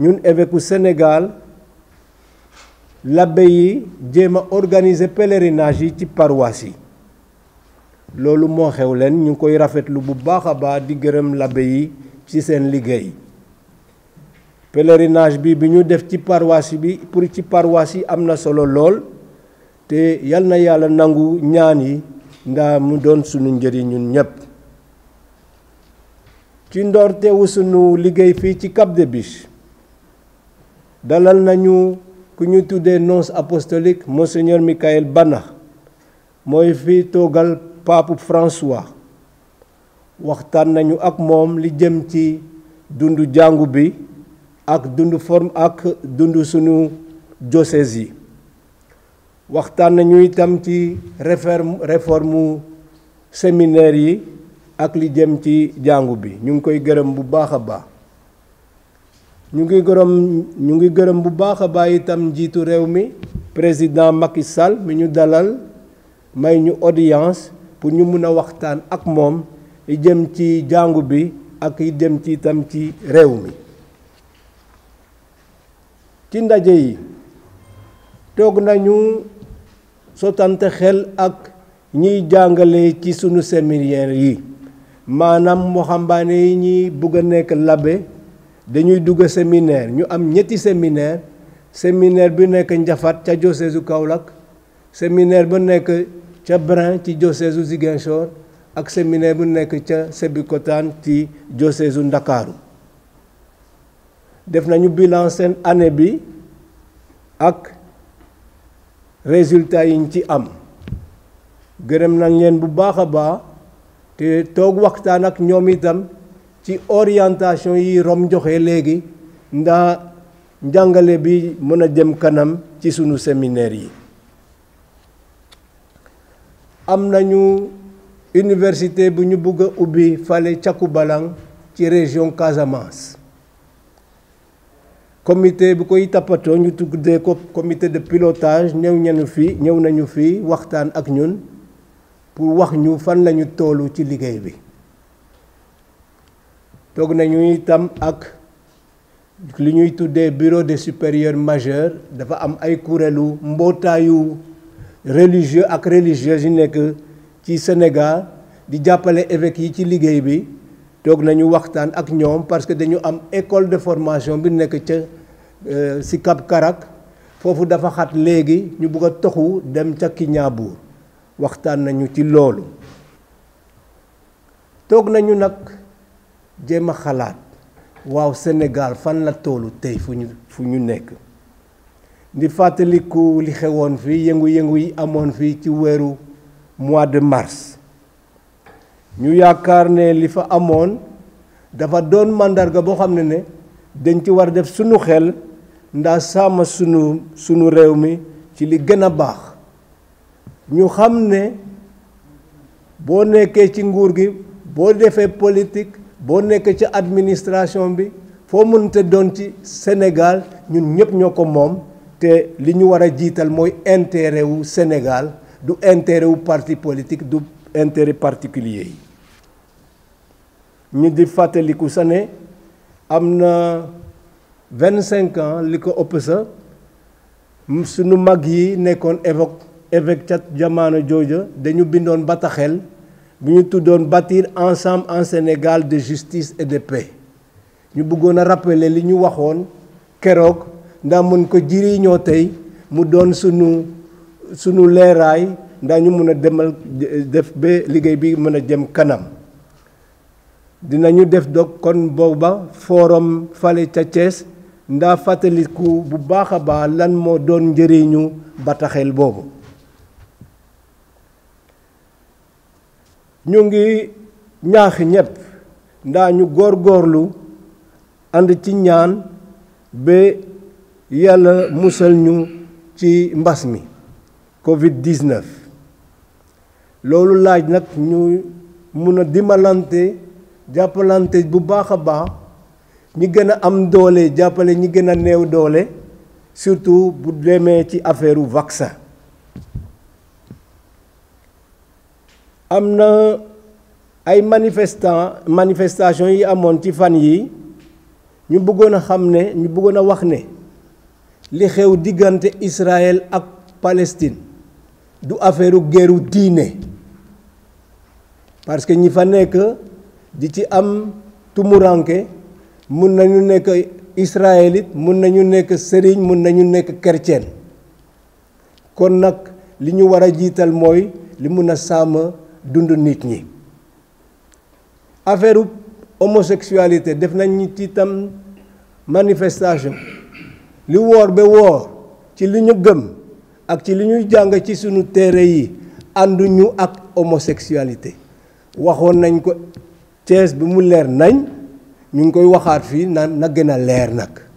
ñun évêque u Sénégal labbe yi jéem a organiser pèlerinage yi ci paroisse yi loolu moo xew leen ñu koy rafetlu bu baax a baax di gërëm labbe yi ci seen liggéey pèlerinage bi bi ñu def ci paroisse bi pour ci paroisse yi am na solo lool te yal na yàlla nangu ñaan yi ndaa mu doon sunu njëriñ ñun ñépp ci ndoortewu sunu liggéey fii ci Cap des Biches dalal nañu ku ñu tuddee nonce apostolique monseigneur Michael Bana mooy fi toogal pape François waxtaan nañu ak moom li jëm ci dundu jàngu bi ak dundu forme ak dundu suñu diocèse yi waxtaan nañu itam ci réforme réforme séminaire yi ak li jëm ci jàngu bi ñu ngi koy gërëm bu baax a baax ñu ngi gërëm ñu ngi gërëm bu baax a bàyyi itam njiitu réew mi président Macky Sall mi ñu dalal may ñu audience pour ñu mun a waxtaan ak moom jëm ci jàngu bi ak yi dem ci itam ci réew mi ci ndaje yi toog nañu sotante xel ak ñiy jàngale ci sunu séminaire yi maanaam waxambaane yi ñi bëgg a nekk labe dañuy dugg séminaire ñu am ñetti séminaire séminaire bi nekk Njafat ca diocèse u Kaolack séminaire ba nekk ca Brin ci diocèse u Ziguinchor ak séminaire bu nekk ca Sébikotane ci diocèse u Ndakaaru def nañu bilan seen année bi ak résultat yiñ ci am gërëm nañ leen bu baax a baax te toog waxtaan ak ñoom itam ci orientation yi rom joxe léegi ndax njàngale bi mën a jëm kanam ci sunu séminaire yi am nañu université bu ñu bëgg a ubbi fale Cakubalang ci région Casamance comité bu koy tappatoo ñu tuddee ko comité de pilotage ñëw ñenu fii ñëw nañu fii waxtaan ak ñun pour wax ñu fan lañu toolu ci liggéey bi toog nañu itam ak li ñuy tuddee bureau de supérieurs majeurs dafa am ay kuréelu mbootaayu religieux ak religieuses yu nekk ci Sénégal di jàppale évêques yi ci liggéey bi toog nañu waxtaan ak ñoom parce que dañu am école de formation bi nekk ca si euh, Cap Karak foofu dafa xat léegi ñu bugg a toxu dem ca Kignaabour waxtaan nañu ci loolu toog nañu nag jéem a xalaat waaw Sénégal fan la toolu tey fu ñu fu ñu nekk di fàttaliku li xewoon fii yëngu-yëngu yi amoon fii ci weeru mois de mars ñu yaakaar ne li fa amoon dafa doon màndarga boo xam ne ne dañ ci war def sunu xel ndaa sàmm sunu sunu réew mi ci li gën a baax ñu xam ne boo nekkee ci nguur gi boo defee politik boo nekk ci administration bi foo mënta doon ci Sénégal ñun ñëpp ñoo ko moom te li ñu war a jiital mooy intérêt wu Sénégal du intérêt wu parti politique du intérêt particulier yi ñu di fàttaliku sa ne am na vingt cinq ans li ko ëpp sa sunu mag yi nekkoon évêque évêque ca jamono jooja dañu bindoon bataaxel Nous ñu tous bâtir ensemble en Sénégal de justice et de paix Nous bëggoon rappeler li ñu nous keroog Nous ko jëriñoo tey nous, doon sunu nous les ndax ñu nous a def nous kanam kon forum fale ca Thiès bu baakha ba ñu ngi ñaax ñépp ndaa ñu góorgóorlu ànd ci ñaan ba yàlla musal ñu ci mbas mi covid 19 loolu laaj nag ñuy mun a dimbalante jàppalante bu baax a baax ñi gën a am doole jàppale ñi gën a néew doole surtout bu demee ci affaire vaccin am na ay manifestant manifestation yi amoon ci fan yi ñu bëggoon a xam ne ñu bëggoon a wax ne li xew diggante Israël ak Palestine du affaire u guerru diine parce que ñi fa nekk di ci am tumuranke mën nañu nekk israélite mun nañu nekk sëriñ mën nañu nekk chrétien kon nag li ñu war a jiital mooy li mën a sàmm dund nit ñi affaire homosexualité def nañ ci itam manifestation li woor ba woor ci li ñu gëm ak ci li ñuy jàng ci sunu téere yi ànduñu ak homosexualité waxoon nañ ko Thiès bi mu leer nañ ñu ngi koy waxaat fii na na gën a leer nag